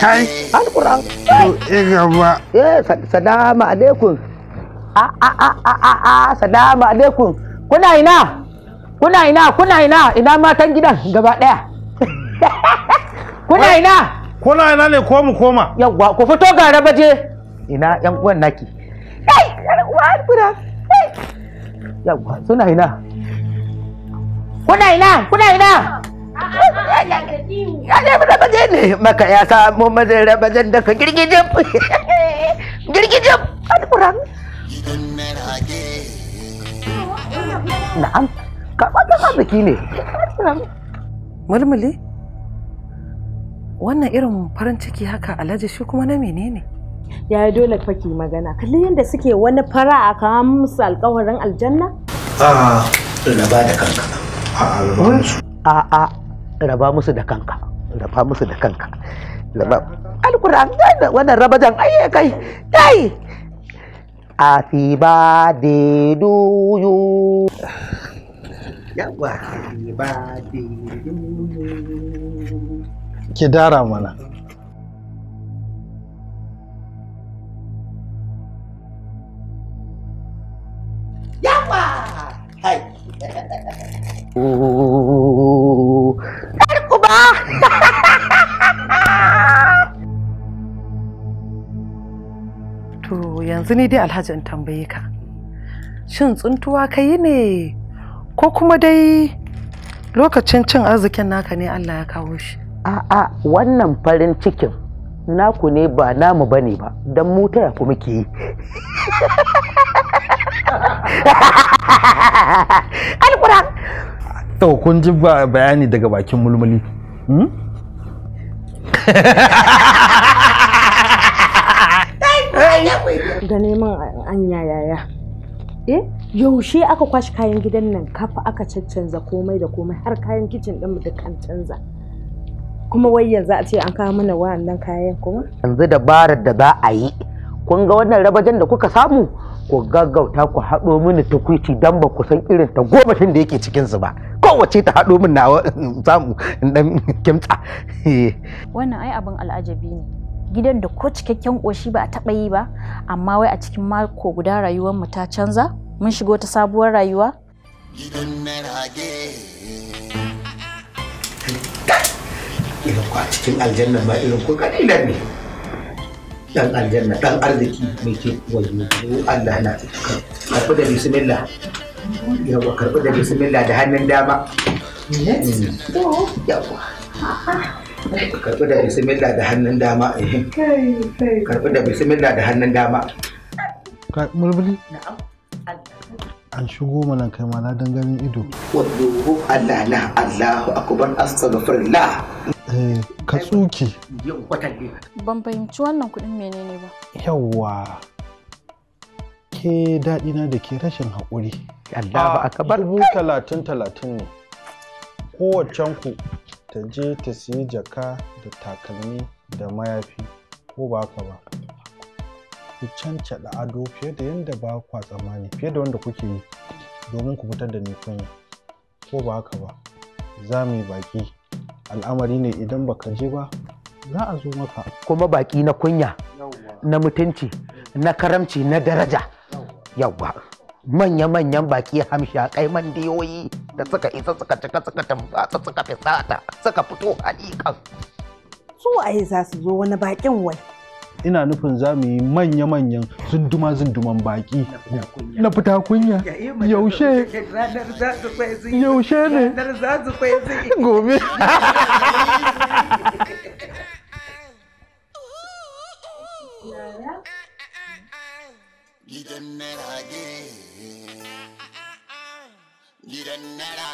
kai alquran to gaba eh salamu alaikum a a a a a salamu alaikum kuna ina kuna ina kuna ina ina matan gidan gaba daya kuna ina kuna ina ne ko mu koma yawa ku fito ga rabaje ina yan uwan naki ai yawa alquran yawa suna ina kuna ina kuna ina ya ne mu rabaje ne maka ya samu mazin rabajen da ka girgijin girgijin alƙuran na'am karɓar da arziki ne mulmuli wannan irin farin ciki haka alhaji shi kuma na menene ya dole faki magana kalli yadda suke wani fara a kawo musu alkawarin aljanna a ah, ba da kanka ah, a a raba musu da kanka raba musu da kanka raba alquran wannan rabajan ayye kai dai happy birthday to you yawa afiba de to you ki dara mana yawa hai To yanzu ni dai Alhaji in tambaye ka. Shin tsuntuwa ka yi ne ko kuma dai lokacin cin arzikin naka ne Allah ya kawo shi? A'a wannan farin cikin naku ne ba namu ba ne ba don mu ta yafi muke yi. Alkura! To kun ji bayani daga bakin mulmuli. Hmm? da neman an yaya eh yaushe aka kwashi kayan gidan nan kafa aka caccanza komai da komai har kayan kicin ɗin duk an canza kuma wai yanzu a ce an kawo mana wa'annan kayan kuma yanzu dabarar da za a yi kun ga wannan rabajen da kuka samu ku gaggauta ku haɗo mini tukwici don ba ku san irin ta gobashin da yake cikinsu ba kowace ta haɗo min nawa samu in dan kimta. wannan ai abin al'ajabi ne gidan da ko cikakken ƙoshi ba a taɓa yi ba amma wai a cikin mako guda rayuwar mu ta canza mun shigo ta sabuwar rayuwa gidan merage irin ko a cikin aljanna ba irin ko kalilan ne dan aljanna dan arziki mai ke wajen Allah na tafi da bismillah yawa karɓi da bismillah da hannun dama mm. yawa karɓi da bismillah da hannun dama eh. karɓi da bismillah da hannun dama mulmuli an shigo mana kai ma na dangane ido wallahu allah la allahu akbar astaghfirullah eh, ka tsuke ban fahimci wannan kuɗin menene ba yawwa ke daɗina da ke rashin haƙuri. Allah ba aka bar. Dubu talatin talatin ne. Kowaccen ku ta je ta siyi jaka da takalmi da mayafi ko ba ka ba. Ku cancaɗa ado fiye da yadda ba kwa tsammani fiye da wanda kuke yi domin ku fitar da ni kunya ko ba ka ba. Za mu yi baƙi al'amari ne idan baka je ba za a zo maka. Kuma baƙi na kunya na mutunci na karamci na daraja. yawa manya-manyan baki kai mandiyoyi da suka isa suka cika suka ta suka fisata suka fito halikan su waye za su zo wani bakin wai ina nufin za mu yi manya-manyan zunduma-zunduman baki na fita kunya yaushe yaushe ne gobe Yeah.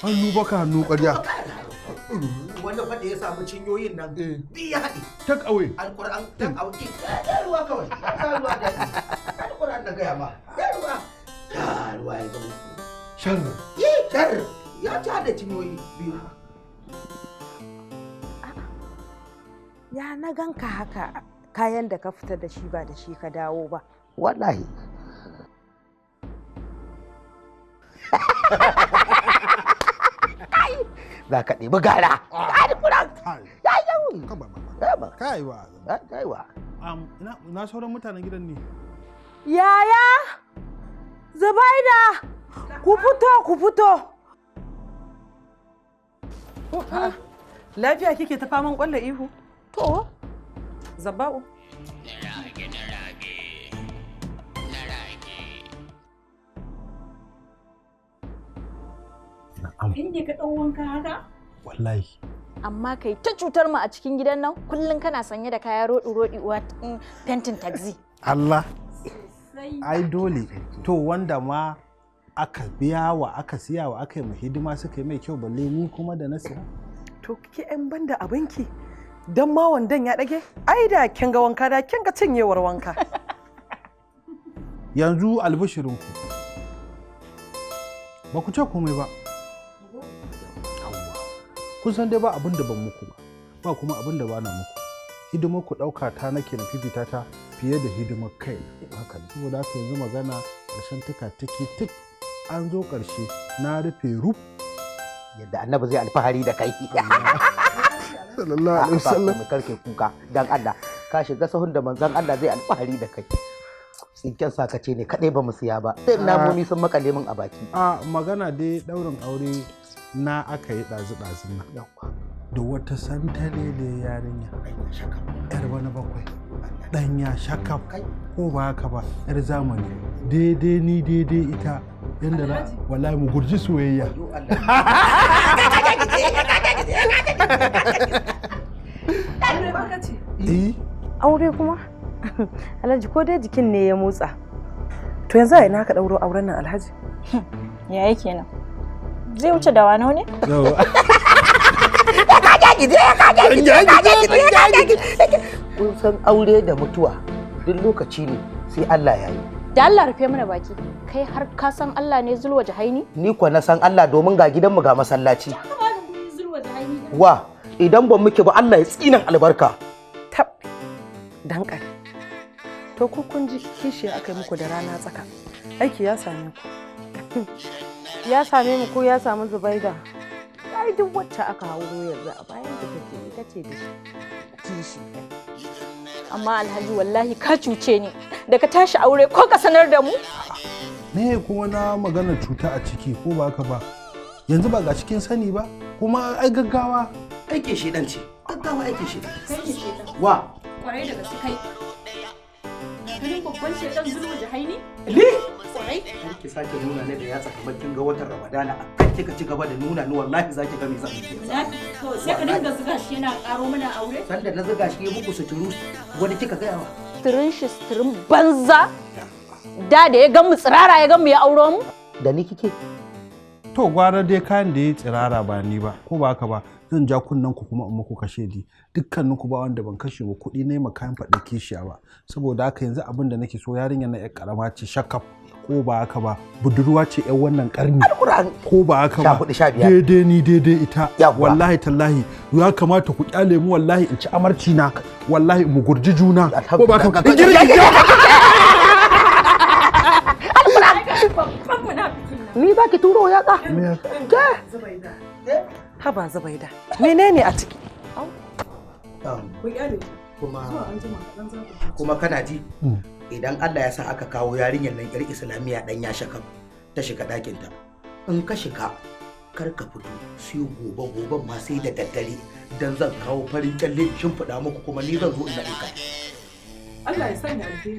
hannu ka hannu ƙarya Wanda fa ya samu cinyoyin nan bi eh. ya haɗe ta ƙauye alƙur'an hmm. ta ƙauye ya ruwa kawai ya ruwa da alƙur'an da gaya ma ya ruwa ya ruwa ya zama shar yi shar ya ci da cinyoyi biyu ya na ganka haka kayan da ka fita da shi ba da shi ka dawo ba wallahi za ka ɗebi gara ƙari ah! kuran ya yi yawa kai wa kai wa na sauran mutanen gidan ne yaya zubaida ku fito ku fito oh, ah. lafiya kike ta faman ƙwallon ihu to zabba'u in ne ka ɗau wanka haka? Wallahi. Amma kai ta cutar mu a cikin gidan nan kullum kana sanye da kaya roɗi-roɗi uwa mm, fentin taxi. Allah. Ai dole. To wanda ma aka biya wa aka siya wa aka yi mu hidima suka yi mai kyau balle ni kuma da na siya. To kike ƴan banda a banki don ma wandan ya ɗage? Ai da kin ga wanka da kin ga cinyewar wanka. Yanzu albishirinku. Ba ku ce komai ba. kun san dai ba abin da ban muku ba ba kuma abin da bana muku hidimar ku dauka ta nake na fifita ta fiye da hidimar kai haka saboda haka yanzu magana karshen tuka take tik an zo ƙarshe na rufe ruf yadda annabi zai alfahari da kai sallallahu alaihi wasallam karke kuka dan Allah ka shiga sahun da manzon Allah zai alfahari da kai tsinken sakace ne kadai ba mu siya ba sai namomi sun makale min a baki a magana dai daurin aure na aka yi ɗazu-ɗazun nan da wata santare ne yarinya yar wani bakwai ya shaka ko ba haka ba yar zamani daidai ni daidai ita yadda na wala mu gurji soyayya eh? aure kuma alhaji ko dai jikin ne ya motsa to yanzu a ina ka ɗauro auren nan alhaji ya yake nan zai wuce da wano ne kun san aure da mutuwa duk lokaci ne sai Allah ya yi da Allah rufe mana baki kai har ka san Allah ne zulwa jahaini ni kuwa na san Allah domin ga gidanmu ga masallaci wa idan ban muke ba Allah ya tsinan albarka tab dankali to ku kun ji kishi aka yi muku da rana tsaka aiki ya same ku ya same mu ko ya samu zubaida ai duk wacce aka hauro yanzu a bayan da take ita ce da shi amma alhaji wallahi ka cuce ni da ka tashi aure ko ka sanar da mu me kuma na magana cuta a ciki ko ba ka ba yanzu ba ga cikin sani ba kuma ai gaggawa aikin shedan ce gaggawa aikin shedan wa kwarai da gaske kai babban shaidan zulmu jahaini? Ni? Kwarai. Ki sake nuna ne da ya kamar kin ga watan Ramadana a kan kika ci gaba da nuna ni wallahi zaki ga me zan yi. To sai ka dinga zuga shi yana karo mana aure? Sanda na zuga shi ya muku suturu wani kika gaya wa. Suturin shi suturin banza. Da da ya gan mu tsirara ya gan mu ya auro mu. Da ni kike? to gwara dai kayan da ya tsirara ba ni ba ko ba haka ba zan ja kunnen ku kuma in muku kashe di dukkanin ku ba wanda ban kashe ba kuɗi ne ma kayan faɗa kishiya ba saboda haka yanzu abin da nake so yarinya na yar karama ce shakaf ko ba haka ba budurwa ce yan wannan karni ko ba haka ba daidai ni daidai ita wallahi tallahi ya kamata ku kyale mu wallahi in ci amarci na wallahi mu gurji juna ko ba haka ba Ni ba ki turo ya Ke? Eh? Haba Zubaida. Menene a ciki? Um, kuma kana ji hmm. idan Allah ya sa aka kawo yarinyar nan yar islamiyya dan ya shaka ta shiga ɗakinta In ka shiga kar ka fito sai gobe gobe ma sai da daddare dan zan kawo farin kyalle shimfiɗa muku kuma ni zan zo in na Allah ya sanya alheri.